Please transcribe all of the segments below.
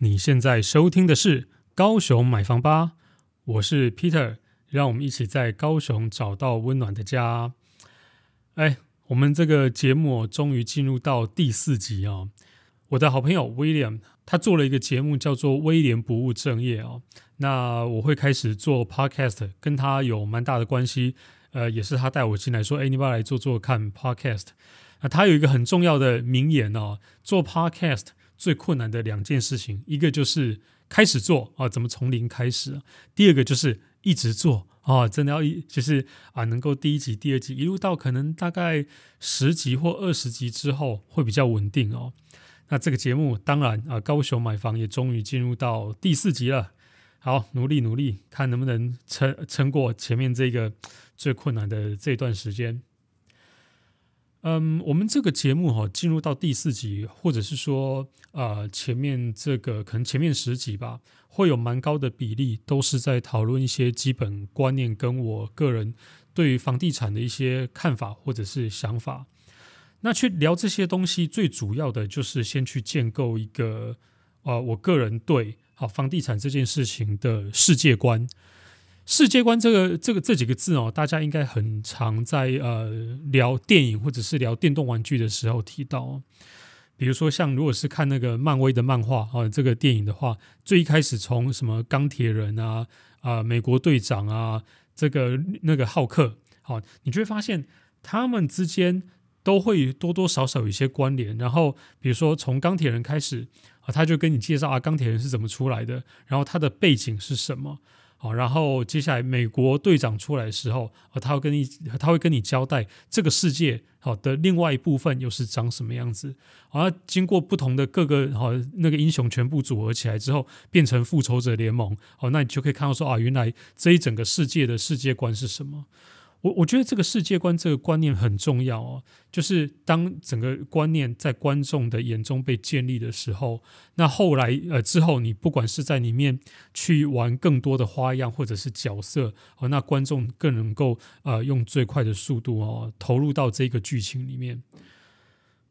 你現在收聽的是《高雄買房吧》，我是 Peter，讓我們一起在高雄找到溫暖的家。哎，我們這個節目終於進入到第四集啊！我的好朋友 William，他做了一個節目叫做《威廉不務正業》啊。那我會開始做 Podcast，跟他有蠻大的關係。呃，也是他帶我進來，說：“哎，你要來做做看 Podcast。”那他有一個很重要的名言哦、啊，做 Podcast。最困難的兩件事情，一個就是開始做啊，怎麼從零開始。第二個就是一直做啊，真的要一就是啊，能夠第一集、第二集，一路到可能大概十集或二十集之後，會比較穩定哦。那這個節目當然啊，高雄買房也終於進入到第四集了，好，努力努力，看能不能撐，撐過前面這個最困難的這段時間。嗯、um，我們這個節目哈、哦，進入到第四集，或者是說，啊、呃，前面這個可能前面十集吧，會有蠻高的比例都是在討論一些基本觀念，跟我個人對於房地產的一些看法或者是想法。那去聊這些東西，最主要的就是先去建構一個啊、呃，我個人對啊，房地產這件事情的世界觀。世界觀這個這個這幾個字哦，大家應該很常在呃聊電影或者是聊電動玩具的時候提到哦。比如說，像如果是看那個漫威的漫畫啊，這個電影的話，最一開始從什麼鋼鐵人啊啊，美國隊長啊，這個那個浩克，啊，你就會發現他們之間都會多多少少有一些關聯。然後，比如說從鋼鐵人開始啊，他就跟你介紹啊，鋼鐵人是怎麼出來的，然後他的背景是什麼。好，然後接下來美國隊長出來的時候，啊，他會跟你，他會跟你交代這個世界好的另外一部分又是長什麼樣子。而經過不同的各個好那個英雄全部組合起來之後，變成復仇者聯盟。哦，那你就可以看到說啊，原來這一整個世界的世界觀是什麼。我我覺得這個世界觀這個觀念很重要哦，就是當整個觀念在觀眾的眼中被建立的時候，那後來呃之後你不管是在裡面去玩更多的花樣或者是角色，哦那觀眾更能夠呃用最快的速度哦投入到這個劇情裡面，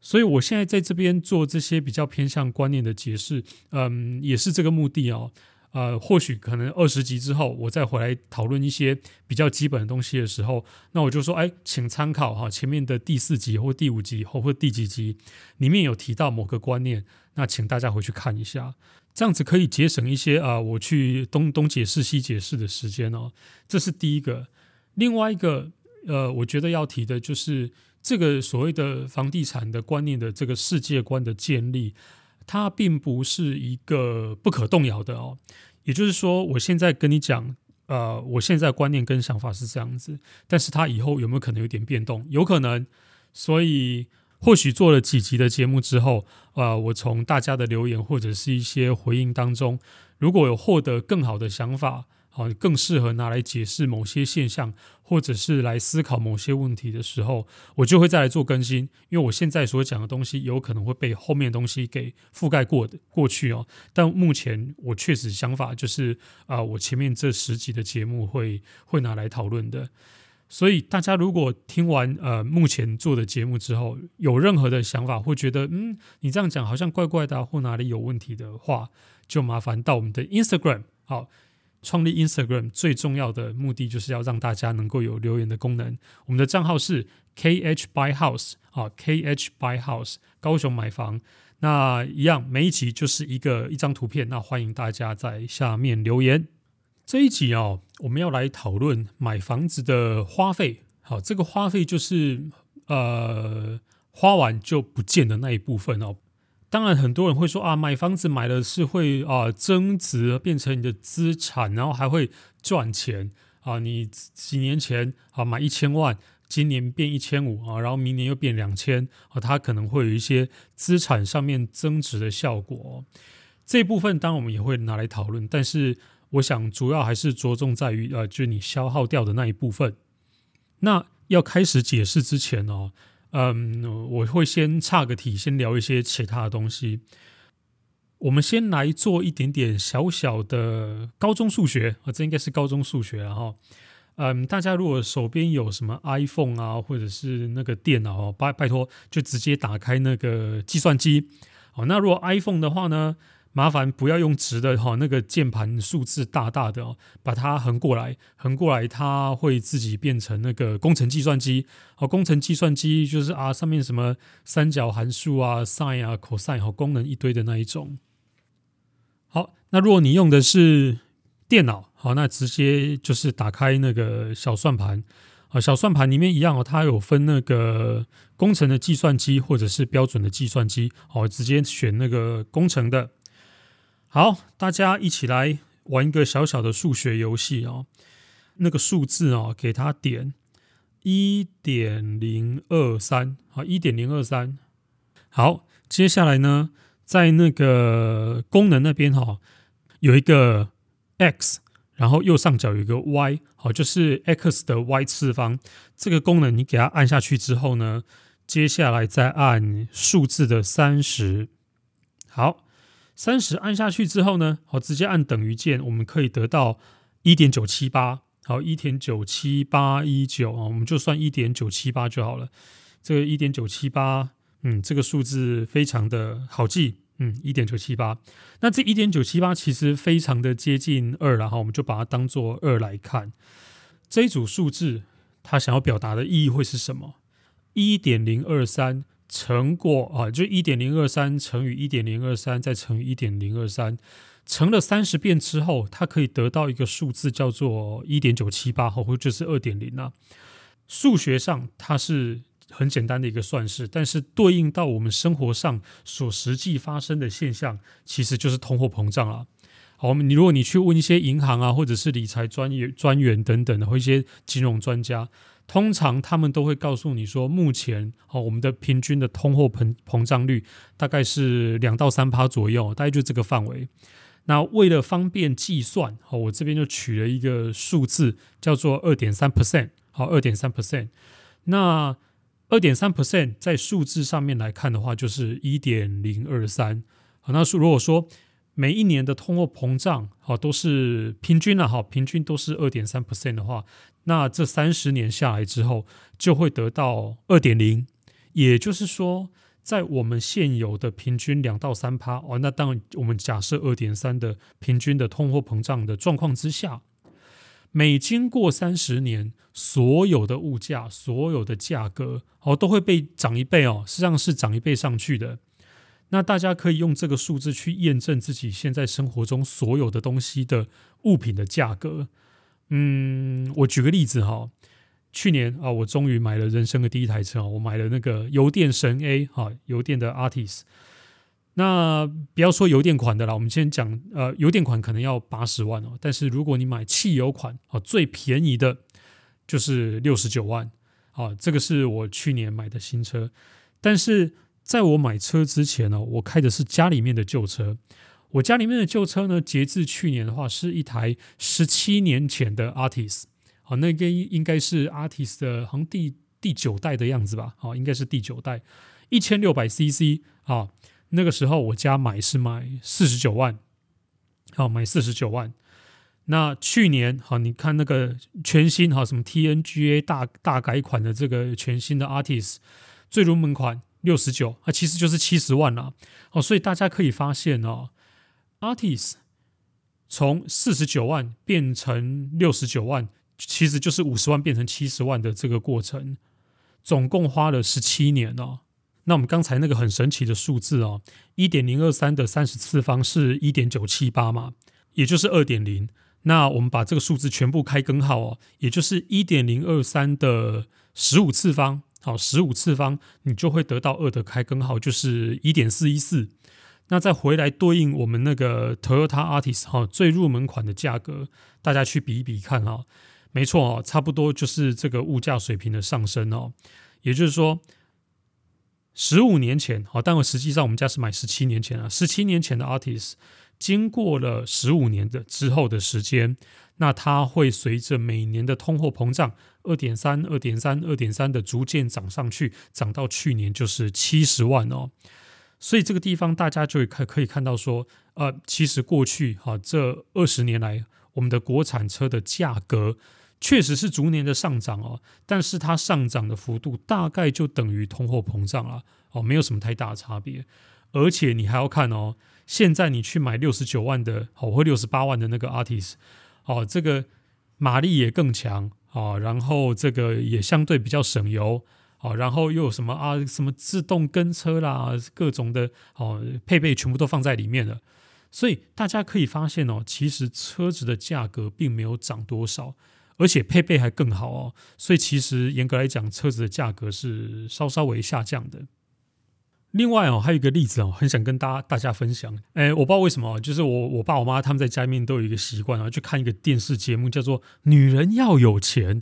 所以我現在在這邊做這些比較偏向觀念的解釋，嗯，也是這個目的哦。呃，或許可能二十集之後，我再回來討論一些比較基本的東西的時候，那我就說，哎，請參考哈前面的第四集或第五集或或第幾集裡面有提到某個觀念，那請大家回去看一下，這樣子可以節省一些啊，呃，我去東東解釋西解釋的時間哦，這是第一個。另外一個，呃，我覺得要提的就是這個所謂的房地產的觀念的這個世界觀的建立。它並不是一個不可動搖的哦，也就是說，我現在跟你講，呃，我現在觀念跟想法是這樣子，但是它以後有沒有可能有點變動？有可能，所以或許做了幾集的節目之後，呃，我從大家的留言或者是一些回應當中，如果有獲得更好的想法。哦，更適合拿來解釋某些現象，或者是來思考某些問題的時候，我就會再來做更新。因為我現在所講的東西，有可能會被後面的東西給覆蓋過的過去哦。但目前我確實想法就是，啊、呃，我前面這十集的節目會會拿來討論的。所以大家如果聽完呃目前做的節目之後，有任何的想法，會覺得嗯，你這樣講好像怪怪的、啊，或哪裡有問題的話，就麻煩到我們的 Instagram 好。創立 Instagram 最重要的目的就是要讓大家能夠有留言的功能。我們的賬號是 KH Buy House 啊，KH Buy House，高雄買房。那一樣每一集就是一個一張圖片，那歡迎大家在下面留言。這一集哦，我們要來討論買房子的花費。好，啊，這個花費就是呃花完就不見的那一部分哦。當然，很多人會說啊，買房子買的是會啊增值，變成你的資產，然後還會賺錢啊。你幾年前啊買一千萬，今年變一千五啊，然後明年又變兩千啊，它可能會有一些資產上面增值的效果。這一部分，當然我們也會拿來討論，但是我想主要還是着重在於啊，就是你消耗掉的那一部分。那要開始解釋之前呢、哦。嗯，我會先岔個題，先聊一些其他東西。我們先來做一點點小小的高中數學啊，這應該是高中數學了哈、哦。嗯，大家如果手邊有什麼 iPhone 啊，或者是那個電腦，拜，拜託，就直接打開那個計算機。好，那如果 iPhone 的話呢？麻煩不要用直的哈，那個鍵盤數字大大的哦，把它橫過來，橫過來，它會自己變成那個工程計算機。哦，工程計算機就是啊，上面什麼三角函數啊、sin 啊、cos，好，功能一堆的那一種。好，那如果你用的是電腦，好，那直接就是打開那個小算盤啊，小算盤裡面一樣哦，它有分那個工程的計算機或者是標準的計算機，好，直接選那個工程的。好，大家一起來玩一個小小的數學遊戲哦。那個數字哦，給它點一點零二三，好，一點零二三。好，接下來呢，在那個功能那邊哈、哦，有一個 x，然後右上角有一個 y，好，就是 x 的 y 次方。這個功能你給它按下去之後呢，接下來再按數字的三十，好。三十按下去之後呢，好，直接按等於鍵，我們可以得到一點九七八。好，一點九七八一九啊，我們就算一點九七八就好了。這個一點九七八，嗯，這個數字非常的好記，嗯，一點九七八。那這一點九七八其實非常的接近二，然後我們就把它當做二來看。這一組數字，它想要表達的意義會是什麼？一點零二三。乘過啊，就一點零二三乘以一點零二三，再乘以一點零二三，乘了三十遍之後，它可以得到一個數字叫做一點九七八，或、或就是二點零啊。數學上它是很簡單的一個算式，但是對應到我們生活上所實際發生的現象，其實就是通貨膨脹了啊。好，你如果你去問一些銀行啊，或者是理財專業專員等等，或一些金融專家。通常他們都會告訴你說，目前我們的平均的通貨膨膨脹率大概是兩到三趴左右，大概就這個範圍。那為了方便計算，好，我這邊就取了一個數字，叫做二點三 percent，好，二點三 percent。那二點三 percent 在數字上面來看的話，就是一點零二三。好，那如果說每一年的通貨膨脹，都是平均了，啊，平均都是二點三 percent 的話。那這三十年下來之後，就會得到二點零，也就是說，在我們現有的平均兩到三趴哦，那當我們假設二點三的平均的通貨膨脹的狀況之下，每經過三十年，所有的物價、所有的價格哦，都會被漲一倍哦，實際上是漲一倍上去的。那大家可以用這個數字去驗證自己現在生活中所有的東西的物品的價格。嗯，我舉個例子哈，去年啊，我終於買了人生的第一台車，我買了那個油電神 A 哈，油電的 Altis。那不要說油電款的啦，我們先講呃，油電款可能要八十萬哦，但是如果你買汽油款啊，最便宜的就是六十九萬啊，這個是我去年買的新車。但是在我買車之前呢，我開的是家裡面的舊車。我家裡面的舊車呢，截至去年的話，是一台十七年前的 Altis，好，那個應該是 Altis 的好像第第九代的樣子吧，好，應該是第九代一千六百 CC，啊，那個時候我家買是買四十九萬，好，買四十九萬。那去年好，你看那個全新哈，什麼 TNGA 大大改款的這個全新的 Altis，最入門款六十九，69, 啊，其實就是七十萬啦。哦，所以大家可以發現哦。Artist 從四十九萬變成六十九萬，其實就是五十萬變成七十萬的這個過程，總共花了十七年哦。那我們剛才那個很神奇的數字哦，一點零二三的三十次方是一點九七八嘛，也就是二點零。那我們把這個數字全部開根號哦，也就是一點零二三的十五次方，好、哦，十五次方你就會得到二的開根號，就是一點四一四。那再回來對應我們那個 Toyota Artist 哈，最入門款的價格，大家去比一比看哈，沒錯，差不多就是這個物價水平的上升哦。也就是說，十五年前哦，但我實際上我們家是買十七年前啊，十七年前的 Artist，經過了十五年的之後的時間，那它會隨着每年的通貨膨脹，二點三、二點三、二點三的逐漸漲上去，漲到去年就是七十萬哦。所以這個地方大家就可可以看到說，呃，其實過去哈、啊、這二十年來，我們的國產車的價格確實是逐年的上漲哦，但是它上漲的幅度大概就等於通貨膨脹了哦，沒有什麼太大的差別。而且你還要看哦，現在你去買六十九萬的哦，或六十八萬的那個 Altis 哦，這個馬力也更強哦，然後這個也相對比較省油。哦，然後又有什麼啊？什麼自動跟車啦，各種的哦、啊，配備全部都放在裡面了。所以大家可以發現哦，其實車子的價格並沒有漲多少，而且配備還更好哦。所以其實嚴格來講，車子的價格是稍稍微下降的。另外哦，還有一個例子哦，很想跟大家大家分享。誒，我不知道為什麼，就是我我爸我媽他們在家裡面都有一個習慣啊，去看一個電視節目，叫做《女人要有錢》。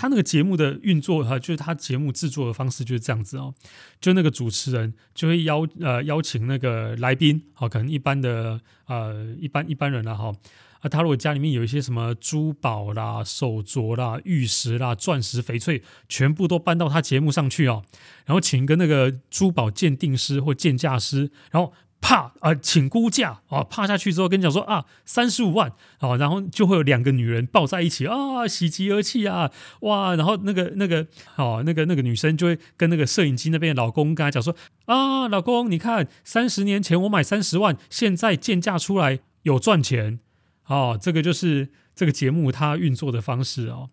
他那個節目的運作哈，就是他節目製作的方式就是這樣子哦。就那個主持人就會邀呃邀請那個來賓，好、哦，可能一般的呃一般一般人了、啊、哈、哦。他如果家裡面有一些什麼珠寶啦、手鐲啦、玉石啦、鑽石、翡翠，全部都搬到他節目上去哦。然後請一個那個珠寶鑑定師或鑑價師，然後。怕啊、呃，請估價啊，怕下去之後跟你講說啊，三十五萬啊，然後就會有兩個女人抱在一起啊，喜極而泣啊，哇，然後那個那個哦，那個、啊那個啊那個、那個女生就會跟那個攝影機那邊的老公跟他講說啊，老公你看，三十年前我買三十萬，現在鑑價出來有賺錢哦、啊。這個就是這個節目它運作的方式哦。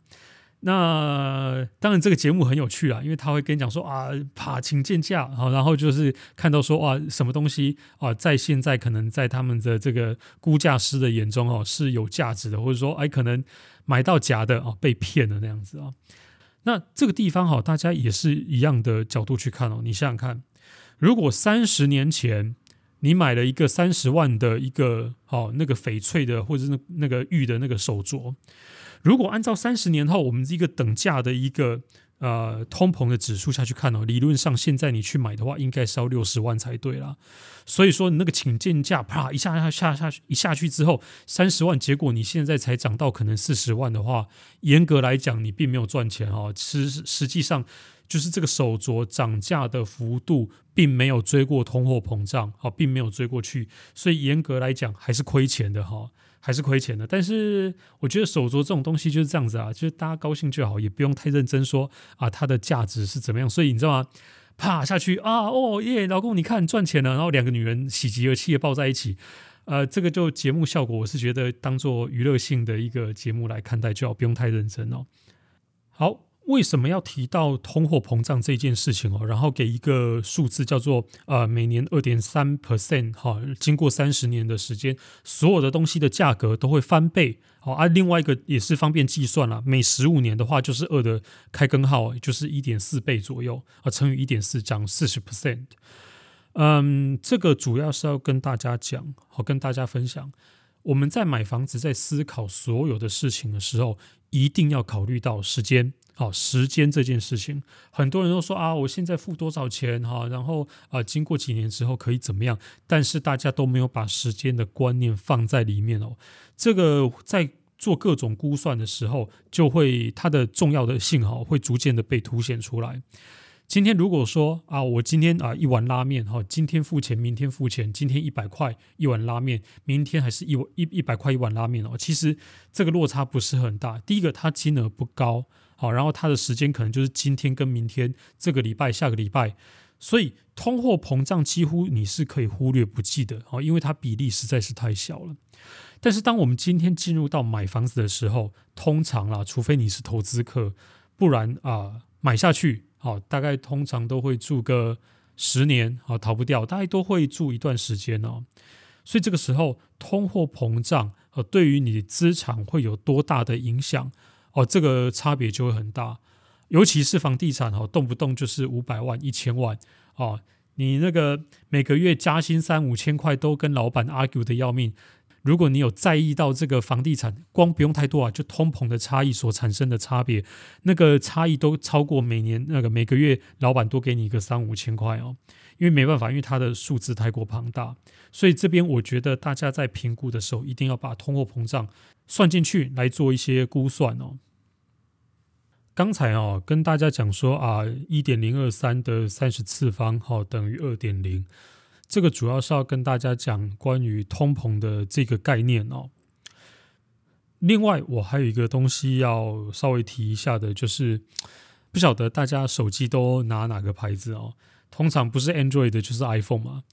那當然，這個節目很有趣啊，因為他會跟你講說啊，爬請見價好，然後就是看到說哇，什麼東西啊，在現在可能在他們的這個估價師的眼中哦，是有價值的，或者說哎，可能買到假的哦，被騙的那樣子啊，哦。那這個地方哈，大家也是一樣的角度去看哦。你想想看，如果三十年前你買了一個三十萬的一個哦，那個翡翠的，或者是那那個玉的那個手鐲。如果按照三十年後我們這個等價的一個呃通膨的指數下去看哦，理論上現在你去買的話，應該是要六十萬才對啦。所以說你那個請價啪一下下下去，一下去之後三十萬，結果你現在才漲到可能四十萬的話，嚴格來講你並沒有賺錢哦，實實際上就是這個手鐲漲價的幅度並沒有追過通貨膨脹哦，並沒有追過去，所以嚴格來講還是虧錢的哦。還是虧錢的，但是我覺得手鐲這種東西就是這樣子啊，就是大家高興就好，也不用太認真說啊，它的價值是怎麼樣。所以你知道嗎？啪下去啊，哦耶，老公你看賺錢了，然後兩個女人喜極而泣的抱在一起，呃，這個就節目效果，我是覺得當做娛樂性的一個節目來看待就好，不用太認真哦。好。為什麼要提到通貨膨脹這件事情哦？然後給一個數字，叫做呃每年二點三 percent 哈，經過三十年的時間，所有的東西的價格都會翻倍。好啊，另外一個也是方便計算了，每十五年的話就是二的開根號，就是一點四倍左右啊，乘以一點四漲四十 percent。嗯，這個主要是要跟大家講，好跟大家分享，我們在買房子在思考所有的事情的時候。一定要考慮到時間，好、哦，時間這件事情，很多人都說啊，我現在付多少錢哈、哦，然後啊、呃，經過幾年之後可以怎麼樣，但是大家都沒有把時間的觀念放在裡面哦，這個在做各種估算的時候，就會它的重要的信號會逐漸的被凸顯出來。今天如果說啊，我今天啊一碗拉麵哈，今天付錢，明天付錢，今天一百塊一碗拉麵，明天還是一碗一一百塊一碗拉麵哦。其實這個落差不是很大，第一個它金額不高，好，然後它的時間可能就是今天跟明天，這個禮拜，下個禮拜，所以通貨膨脹幾乎你是可以忽略不計的哦，因為它比例實在是太小了。但是當我們今天進入到買房子的時候，通常啦、啊，除非你是投資客，不然啊買下去。好，大概通常都會住個十年，好，逃不掉，大概都會住一段時間哦。所以這個時候，通貨膨脹哦，對於你資產會有多大的影響哦？這個差別就會很大，尤其是房地產哦，動不動就是五百萬、一千萬哦，你那個每個月加薪三五千塊，都跟老闆 argue 的要命。如果你有在意到這個房地產，光不用太多啊，就通膨的差異所產生的差別，那個差異都超過每年那個每個月老板多給你一個三五千塊哦，因為沒辦法，因為它的數字太過龐大，所以這邊我覺得大家在評估的時候一定要把通貨膨脹算進去來做一些估算哦。剛才哦跟大家講說啊，一點零二三的三十次方，好，哦，等於二點零。這個主要是要跟大家講關於通膨的這個概念哦。另外，我還有一個東西要稍微提一下的，就是不曉得大家手機都拿哪個牌子哦。通常不是 Android 的就是 iPhone 嘛。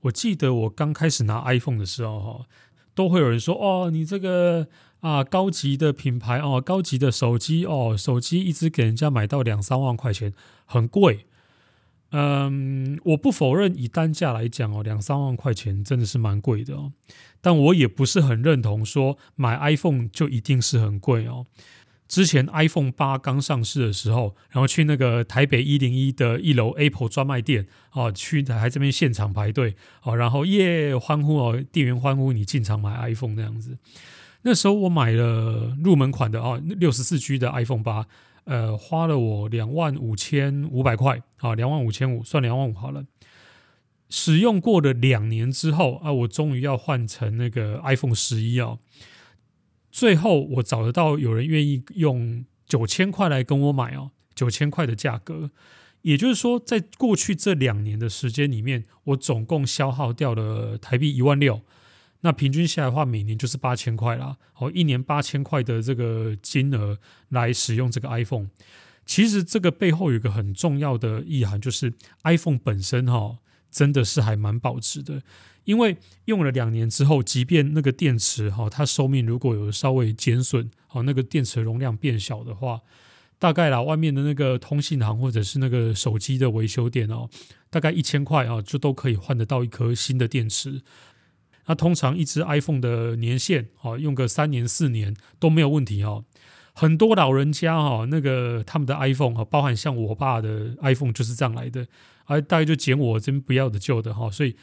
我記得我剛開始拿 iPhone 的時候哈、哦，都會有人說：“哦，你這個啊，高級的品牌哦，高級的手機哦，手機一直給人家買到兩三萬塊錢，很貴。”嗯，我不否認以單價來講哦，兩三萬塊錢真的是蠻貴的哦。但我也不是很認同說買 iPhone 就一定是很貴哦。之前 iPhone 八剛上市的時候，然後去那個台北一零一的一樓 Apple 專賣店啊、哦，去台這邊現場排隊哦，然後耶歡呼哦，店員歡呼你進場買 iPhone 那樣子。那時候我買了入門款的哦，六十四 G 的 iPhone 八。呃，花了我兩萬五千五百塊，啊，兩萬五千五，25, 500, 算兩萬五好了。使用過了兩年之後，啊，我終於要換成那個 iPhone 十一哦。最後我找得到有人願意用九千塊來跟我買哦，九千塊的價格，也就是說，在過去這兩年的時間裡面，我總共消耗掉了台幣一萬六。那平均下來的話，每年就是八千塊啦。哦，一年八千塊的這個金額來使用這個 iPhone，其實這個背後有一個很重要的意涵，就是 iPhone 本身哈，真的是還蠻保值的。因為用了兩年之後，即便那個電池哈，它壽命如果有稍微減損，哦，那個電池容量變小的話，大概啦，外面的那個通信行或者是那個手機的維修店哦，大概一千塊啊，就都可以換得到一顆新的電池。那、啊、通常一支 iPhone 的年限，哦、啊，用個三年四年都沒有問題哦、啊。很多老人家哈、啊，那個他們的 iPhone、啊、包含像我爸的 iPhone 就是這樣來的，而、啊、大家就撿我這邊不要的舊的哈、啊。所以，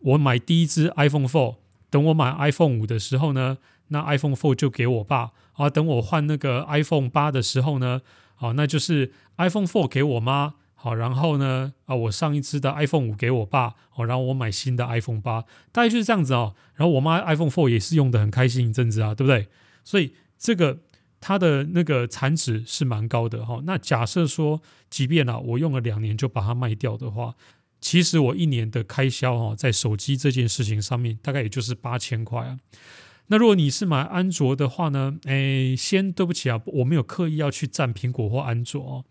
我買第一支 iPhone 4，等我買 iPhone 5的時候呢，那 iPhone 4就給我爸啊。等我換那個 iPhone 8的時候呢，好、啊，那就是 iPhone 4給我媽。好，然後呢，啊，我上一次的 iPhone 五給我爸，哦，然後我買新的 iPhone 八，大概就是這樣子哦。然後我媽 iPhone four 也是用得很開心一陣子啊，對不對？所以這個它的那個殘值是蠻高的哈、哦。那假設說，即便呢、啊、我用了兩年就把它賣掉的話，其實我一年的開銷哈、哦，在手機這件事情上面大概也就是八千塊啊。那如果你是買安卓的話呢？誒，先對不起啊，我沒有刻意要去讚蘋果或安卓哦。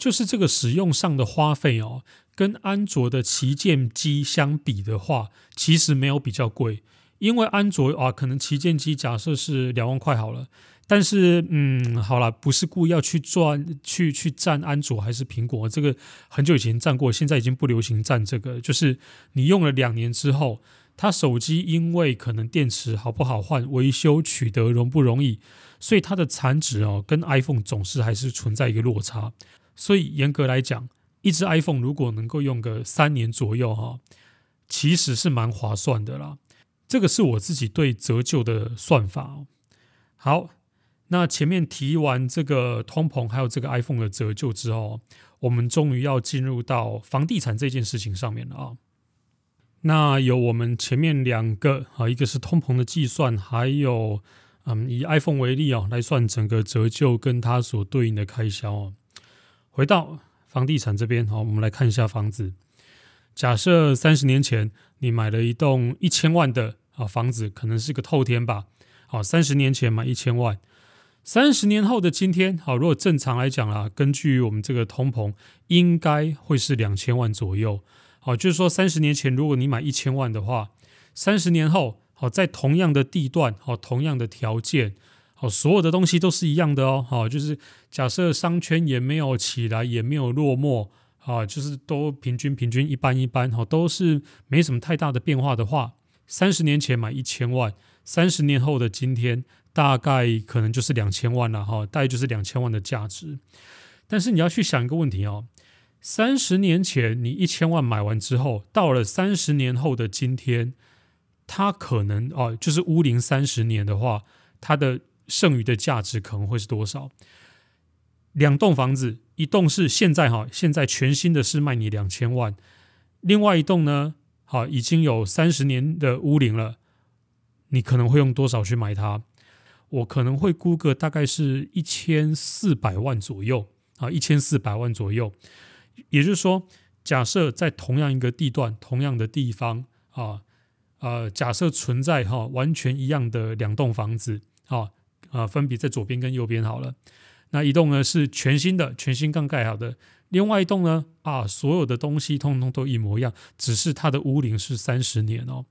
就是這個使用上的花費哦，跟安卓的旗艦機相比的話，其實沒有比較貴。因為安卓啊，可能旗艦機假設是兩萬塊好了，但是嗯，好啦，不是故意要去賺去去占安卓還是蘋果，這個很久以前占過，現在已經不流行占這個。就是你用了兩年之後，它手機因為可能電池好不好換、維修取得容不容易，所以它的殘值，哦，跟 iPhone 總是還是存在一個落差。所以嚴格來講，一支 iPhone 如果能夠用個三年左右哈，其實是蠻划算的啦。這個是我自己對折舊的算法。好，那前面提完這個通膨還有這個 iPhone 的折舊之後，我們終於要進入到房地產這件事情上面了啊。那有我們前面兩個啊，一個是通膨的計算，還有嗯以 iPhone 為例來算整個折舊跟它所對應的開銷哦。回到房地產這邊好，我們來看一下房子。假設三十年前你買了一棟一千萬的啊房子，可能是個透天吧。好，三十年前買一千萬，三十年後的今天，好，如果正常來講啊，根據我們這個通膨，應該會是兩千萬左右。好，就是說三十年前如果你買一千萬的話，三十年後，好，在同樣的地段，好，同樣的條件。哦，所有的東西都是一樣的哦。好、哦，就是假設商圈也沒有起來，也沒有落寞，啊，就是都平均平均一般一般，哈、哦，都是沒什麼太大的變化的話，三十年前買一千萬，三十年後的今天大概可能就是兩千萬了，哈、哦，大概就是兩千萬的價值。但是你要去想一個問題哦，三十年前你一千萬買完之後，到了三十年後的今天，它可能哦，就是屋齡三十年的話，它的剩餘的價值可能會是多少？兩棟房子，一棟是現在哈，現在全新的是賣你兩千萬，另外一棟呢，好已經有三十年的屋齡了，你可能會用多少去買它？我可能會估個大概是一千四百萬左右啊，一千四百萬左右。也就是說，假設在同樣一個地段、同樣的地方啊，呃，假設存在哈完全一樣的兩棟房子啊。啊、呃，分別在左邊跟右邊好了。那一棟呢是全新的，全新剛蓋好的；另外一棟呢，啊，所有的東西通通都一模一樣，只是它的屋齡是三十年哦。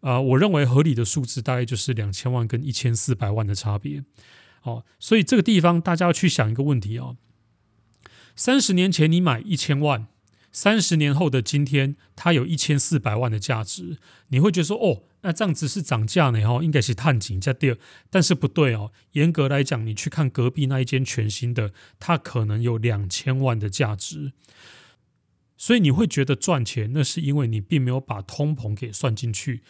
啊、呃，我認為合理的數字大概就是兩千萬跟一千四百萬的差別。好、哦，所以這個地方大家要去想一個問題哦：三十年前你買一千萬。三十年後的今天，它有一千四百萬的價值，你會覺得說，哦，那這樣子是漲價呢？然後應該是探這在掉，但是不對哦。嚴格來講，你去看隔壁那一間全新的，它可能有兩千萬的價值，所以你會覺得賺錢，那是因為你並沒有把通膨給算進去。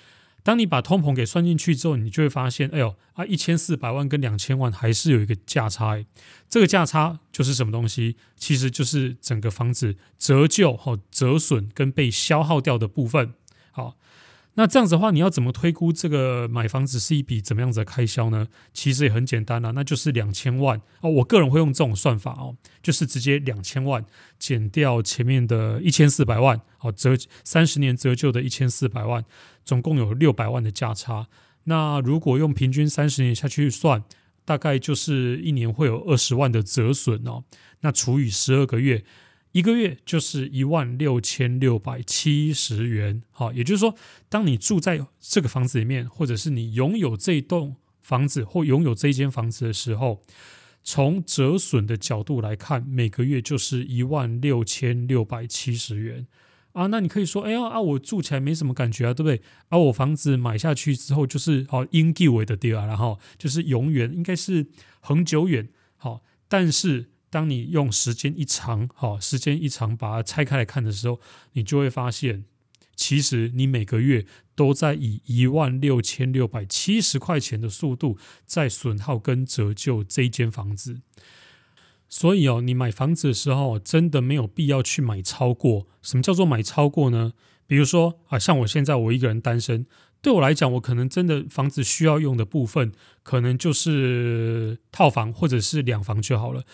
當你把通膨給算進去之後，你就會發現，哎呦，啊，一千四百萬跟兩千萬還是有一個價差誒。這個價差就是什麼東西？其實就是整個房子折舊、和折損跟被消耗掉的部分。那這樣子的話，你要怎麼推估這個買房子是一筆怎麼樣子的開銷呢？其實也很簡單啦，啊，那就是兩千萬哦。我個人會用這種算法哦，就是直接兩千萬減掉前面的一千四百萬，哦，折三十年折舊的一千四百萬，總共有六百萬的價差。那如果用平均三十年下去算，大概就是一年會有二十萬的折損哦。那除以十二個月，一個月就是一萬六千六百七十元，好，也就是說，當你住在這個房子裡面，或者是你擁有這棟房子或擁有這間房子的時候，從折損的角度來看，每個月就是一萬六千六百七十元啊。那你可以說，哎呀啊，我住起來沒什麼感覺啊，對不對？啊，我房子買下去之後，就是啊的就，就是哦，應地為的第二，然後就是永遠應該是恆久遠，好，但是。當你用時間一長，好，時間一長，把它拆開來看的時候，你就會發現，其實你每個月都在以一萬六千六百七十塊錢的速度在損耗跟折舊這間房子。所以哦，你買房子的時候，真的沒有必要去買超過。什麼叫做買超過呢？比如說啊，像我現在我一個人單身，對我來講，我可能真的房子需要用的部分，可能就是套房或者是兩房就好了。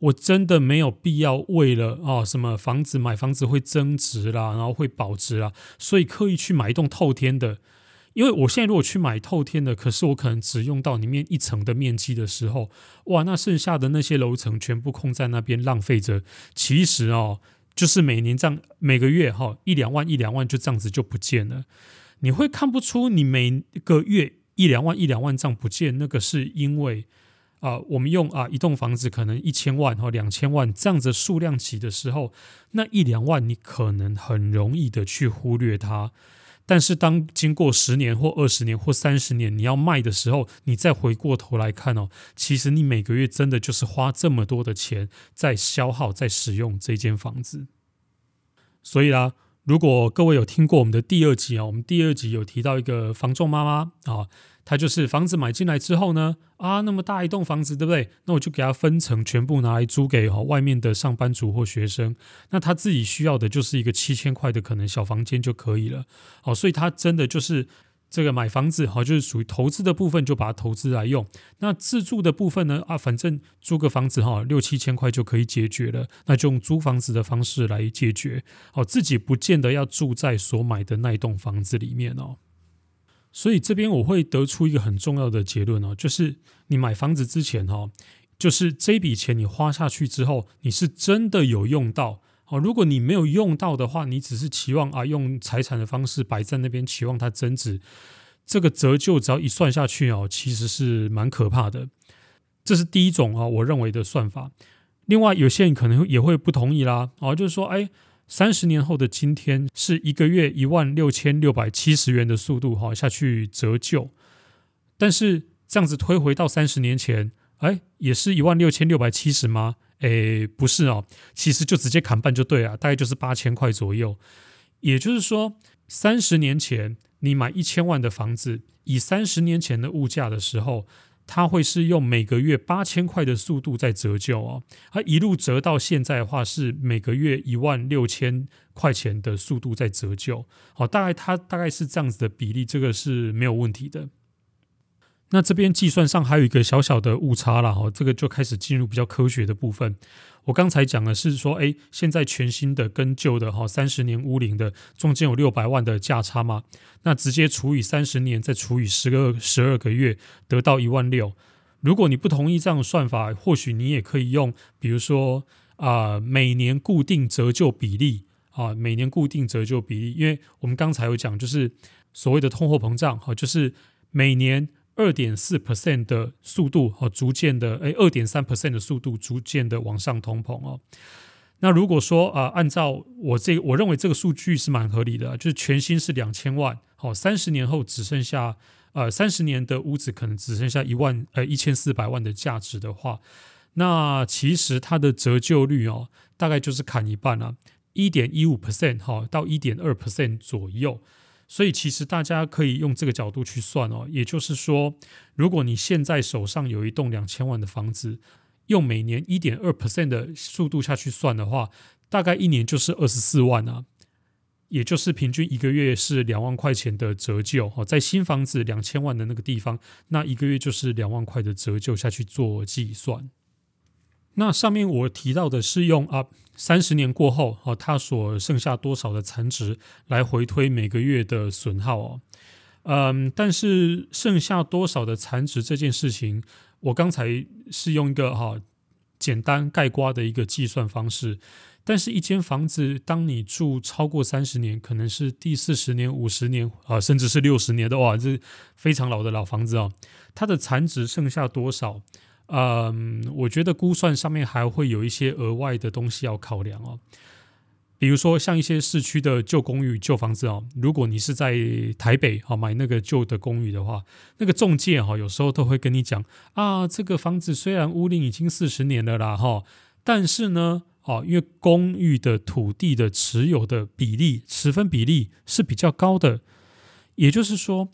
我真的沒有必要為了啊什麼房子買房子會增值啦，然後會保值啦，啊，所以刻意去買一棟透天的。因為我現在如果去買透天的，可是我可能只用到裡面一層的面積的時候，哇，那剩下的那些樓層全部空在那邊浪費着。其實哦，啊，就是每年這樣，每個月哈，啊、一兩萬一兩萬就這樣子就不見了。你會看不出你每個月一兩萬一兩萬這樣不見，那個是因為。啊，我們用啊一棟房子可能一千萬或兩千萬這樣子數量級的時候，那一兩萬你可能很容易的去忽略它。但是當經過十年或二十年或三十年你要賣的時候，你再回過頭來看哦，其實你每個月真的就是花這麼多的錢在消耗在使用這間房子。所以啦、啊，如果各位有聽過我們的第二集啊，我們第二集有提到一個房仲媽媽啊。他就是房子買進來之後呢，啊，那麼大一棟房子，對不對？那我就給他分成，全部拿來租給哦外面的上班族或學生。那他自己需要的就是一個七千塊的可能小房間就可以了。好，所以他真的就是這個買房子，哈，就是屬於投資的部分，就把它投資來用。那自住的部分呢，啊，反正租個房子，哈，六七千塊就可以解決了。那就用租房子的方式來解決。好，自己不見得要住在所買的那一棟房子裡面哦。所以這邊我會得出一個很重要的結論哦，就是你買房子之前哦，就是這筆錢你花下去之後，你是真的有用到哦。如果你沒有用到的話，你只是期望啊用財產的方式擺在那邊，期望它增值，這個折舊只要一算下去哦，其實是蠻可怕的。這是第一種啊，我認為的算法。另外有些人可能也會不同意啦，哦，就是說哎。三十年後的今天，是一個月一萬六千六百七十元的速度哈下去折舊，但是這樣子推回到三十年前，哎，也是一萬六千六百七十嗎？哎，不是哦，其實就直接砍半就對了，啊，大概就是八千塊左右。也就是說，三十年前你買一千萬的房子，以三十年前的物價的時候。它會是用每個月八千塊的速度在折舊哦，它一路折到現在的話是每個月一萬六千塊錢的速度在折舊，好，大概它大概是這樣子的比例，這個是沒有問題的。那這邊計算上還有一個小小的誤差了哈，這個就開始進入比較科學的部分。我剛才講的是說，誒、欸，現在全新的跟舊的哈，三十年屋齡的中間有六百萬的價差嘛。那直接除以三十年，再除以十二十二個月，得到一萬六。如果你不同意這樣的算法，或許你也可以用，比如說啊、呃，每年固定折舊比例啊、呃，每年固定折舊比例，因為我們剛才有講，就是所謂的通貨膨脹哈，就是每年。二點四 percent 的速度哦，逐漸的，哎、欸，二點三 percent 的速度逐漸的往上通膨哦。那如果說啊、呃，按照我這個，我認為這個數據是蠻合理的，就是全新是兩千萬，好、哦，三十年後只剩下，呃三十年的屋子可能只剩下一萬呃一千四百萬的價值的話，那其實它的折舊率哦，大概就是砍一半了、啊，一點一五 percent 哈，到一點二 percent 左右。所以其實大家可以用這個角度去算哦，也就是說，如果你現在手上有一棟兩千萬的房子，用每年一點二%的速度下去算的話，大概一年就是二十四萬啊，也就是平均一個月是兩萬塊錢的折舊哦，在新房子兩千萬的那個地方，那一個月就是兩萬塊的折舊下去做計算。那上面我提到的是用啊，三十年過後哦、啊，它所剩下多少的殘值來回推每個月的損耗哦，嗯，但是剩下多少的殘值這件事情，我剛才是用一個哈、啊、簡單概括的一個計算方式，但是一間房子當你住超過三十年，可能是第四十年、五十年啊，甚至是六十年的哇，這非常老的老房子哦，它的殘值剩下多少？嗯，我覺得估算上面還會有一些額外的東西要考量哦，比如說像一些市區的舊公寓、舊房子哦，如果你是在台北啊買那個舊的公寓的話，那個中介哈、哦、有時候都會跟你講啊，這個房子雖然屋齡已經四十年了啦哈，但是呢哦、啊，因為公寓的土地的持有的比例、持分比例是比較高的，也就是說，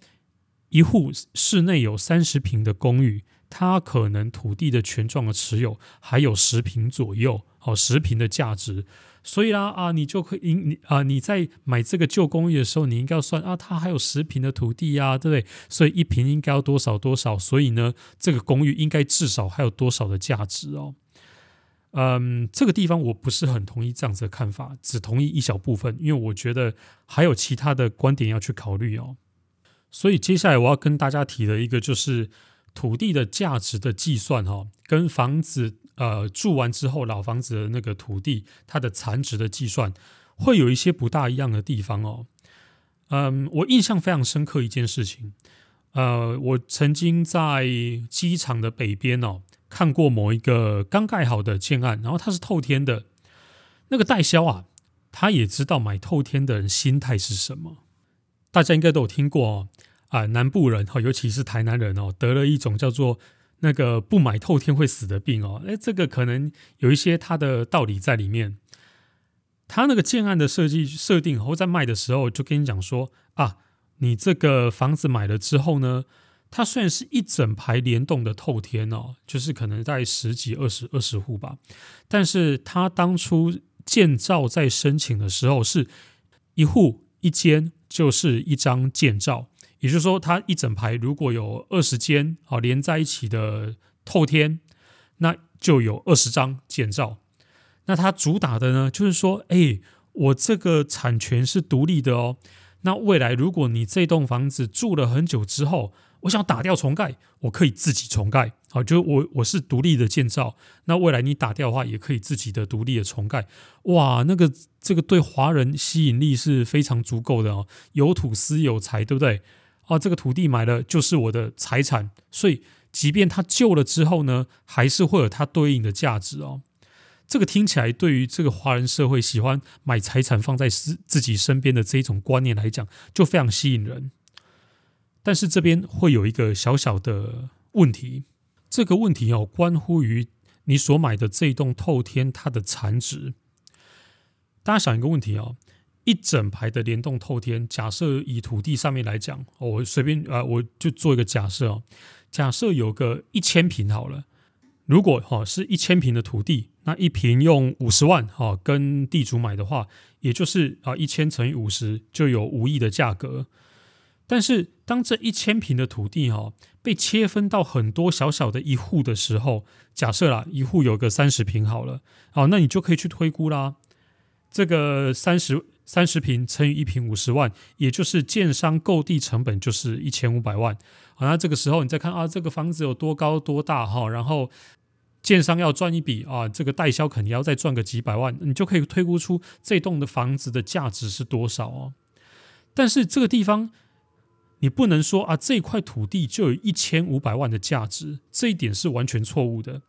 一戶室內有三十坪的公寓。他可能土地的權狀的持有還有十坪左右，哦，十坪的價值，所以啦啊，你就可以你啊，你在買這個舊公寓的時候，你應該要算啊，它還有十坪的土地啊，對不對？所以一坪應該要多少多少，所以呢，這個公寓應該至少還有多少的價值哦。嗯，這個地方我不是很同意這樣子的看法，只同意一小部分，因為我覺得還有其他的觀點要去考慮哦。所以接下來我要跟大家提的一個就是。土地的價值的計算，哦，哈，跟房子，呃，住完之後老房子的那個土地，它的殘值的計算，會有一些不大一樣的地方哦。嗯，我印象非常深刻一件事情，呃，我曾經在機場的北邊哦，看過某一個剛蓋好的建案，然後它是透天的，那個代銷啊，他也知道買透天的人心態是什麼，大家應該都有聽過哦。啊，南部人哈，尤其是台南人哦，得了一種叫做那個不買透天會死的病哦。哎，這個可能有一些他的道理在裡面。他那個建案的設計設定，然後在賣的時候就跟你講說啊，你這個房子買了之後呢，它雖然是一整排連棟的透天哦，就是可能在十幾、二十二十戶吧，但是他當初建照在申請的時候是一戶一間，就是一張建照。也就是說，它一整排如果有二十間啊，連在一起的透天，那就有二十張建照。那它主打的呢，就是說，哎、欸，我這個產權是獨立的哦。那未來如果你這棟房子住了很久之後，我想打掉重蓋，我可以自己重蓋。好，就是我我是獨立的建照。那未來你打掉的話，也可以自己的獨立的重蓋。哇，那個這個對華人吸引力是非常足夠的哦，有土斯有財，對不對？哦、啊，這個土地買了就是我的財產，所以即便它舊了之後呢，還是會有它對應的價值哦。這個聽起來對於這個華人社會喜歡買財產放在自己身邊的這一種觀念來講，就非常吸引人。但是這邊會有一個小小的問題，這個問題哦，關乎於你所買的這棟透天它的殘值。大家想一個問題哦。一整排的聯動透天，假設以土地上面來講，我隨便啊，我就做一個假設，假設有個一千坪好了，如果哈是一千坪的土地，那一坪用五十萬哈跟地主買的話，也就是啊一千乘以五十就有五億的價格。但是當這一千坪的土地哈被切分到很多小小的一戶的時候，假設啦一戶有個三十坪好了，好，那你就可以去推估啦，這個三十。三十坪乘以一坪五十萬，也就是建商購地成本就是一千五百萬。好、啊，那這個時候你再看啊，這個房子有多高多大哈，然後建商要賺一筆啊，這個代銷肯定要再賺個幾百萬，你就可以推估出這棟的房子的價值是多少哦。但是這個地方你不能說啊，這塊土地就有一千五百萬的價值，這一點是完全錯誤的。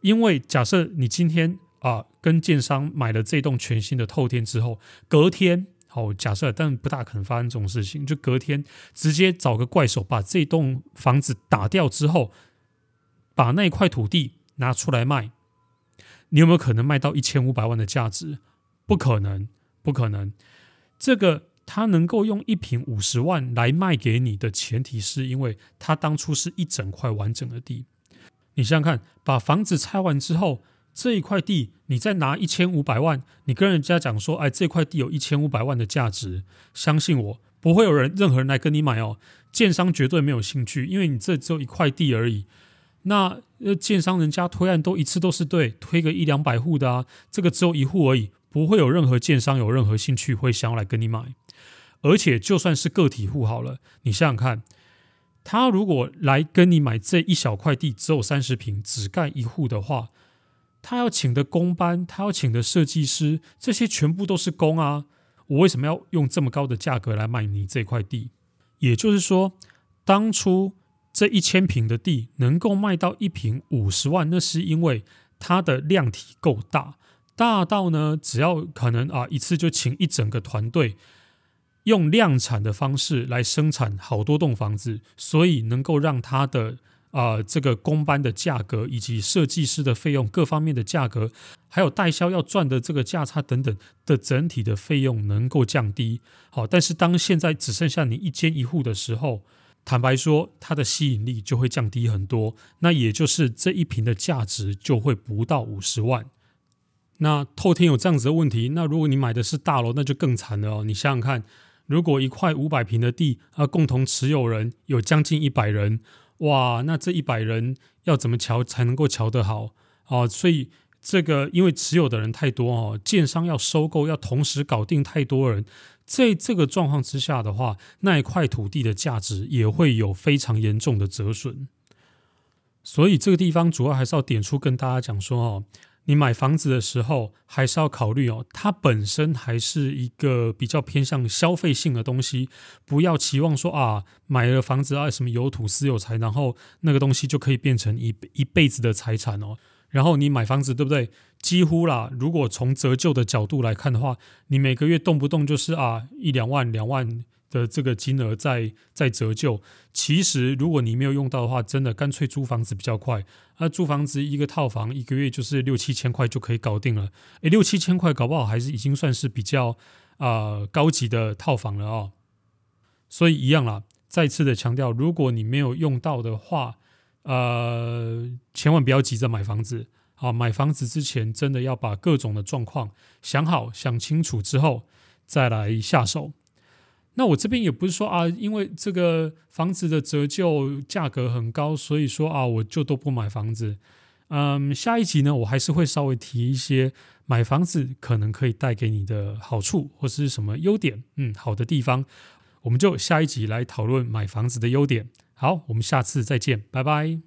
因為假設你今天。啊，跟建商買了這棟全新的透天之後，隔天好、哦、假設，但不大可能發生這種事情。就隔天直接找個怪手把這棟房子打掉之後，把那塊土地拿出來賣，你有沒有可能賣到一千五百萬的價值？不可能，不可能。這個他能夠用一平五十萬來賣給你的前提，是因為他當初是一整塊完整的地。你想想看，把房子拆完之後。這一塊地，你再拿一千五百萬，你跟人家講說，哎，這塊地有一千五百萬的價值，相信我，不會有人任何人來跟你買哦。建商絕對沒有興趣，因為你這只有一塊地而已。那呃，建商人家推案都一次都是對，推個一兩百戶的啊，這個只有一戶而已，不會有任何建商有任何興趣會想要來跟你買。而且就算是個體戶好了，你想想看，他如果來跟你買這一小塊地，只有三十平，只蓋一戶的話。他要請的工班，他要請的設計師，這些全部都是工啊！我為什麼要用這麼高的價格來買你這塊地？也就是說，當初這一千坪的地能夠賣到一坪五十萬，那是因為它的量體夠大，大到呢，只要可能啊，一次就請一整個團隊用量產的方式來生產好多棟房子，所以能夠讓它的。啊、呃，這個工班的價格以及設計師的費用各方面的價格，還有代銷要賺的這個價差等等的整體的費用能夠降低。好，但是當現在只剩下你一間一戶的時候，坦白說，它的吸引力就會降低很多。那也就是這一坪的價值就會不到五十萬。那透天有這樣子的問題，那如果你買的是大樓，那就更慘了哦。你想想看，如果一塊五百坪的地，啊，共同持有人有將近一百人。哇，那這一百人要怎麼喬才能夠喬得好啊？所以這個因為持有的人太多哦，建商要收購要同時搞定太多人，在這個狀況之下的話，那一塊土地的價值也會有非常嚴重的折損。所以這個地方主要還是要點出跟大家講說哦。你買房子的時候，還是要考慮哦，它本身還是一個比較偏向消費性的東西，不要期望說啊，買了房子啊什麼有土斯有財，然後那個東西就可以變成一一輩子的財產哦。然後你買房子對不對？幾乎啦，如果從折舊的角度來看的話，你每個月動不動就是啊一兩萬兩萬。兩萬的這個金額在在折舊，其實如果你沒有用到的話，真的乾脆租房子比較快。那租房子一個套房一個月就是六七千塊就可以搞定了。誒，六七千塊搞不好還是已經算是比較啊、呃、高級的套房了哦。所以一樣啦，再次的強調，如果你沒有用到的話，呃，千萬不要急着買房子啊。買房子之前真的要把各種的狀況想好、想清楚之後再來下手。那我這邊也不是說啊，因為這個房子的折舊價格很高，所以說啊，我就都不買房子。嗯，下一集呢，我還是會稍微提一些買房子可能可以帶給你的好處或是什麼優點，嗯，好的地方，我們就下一集來討論買房子的優點。好，我們下次再見，拜拜。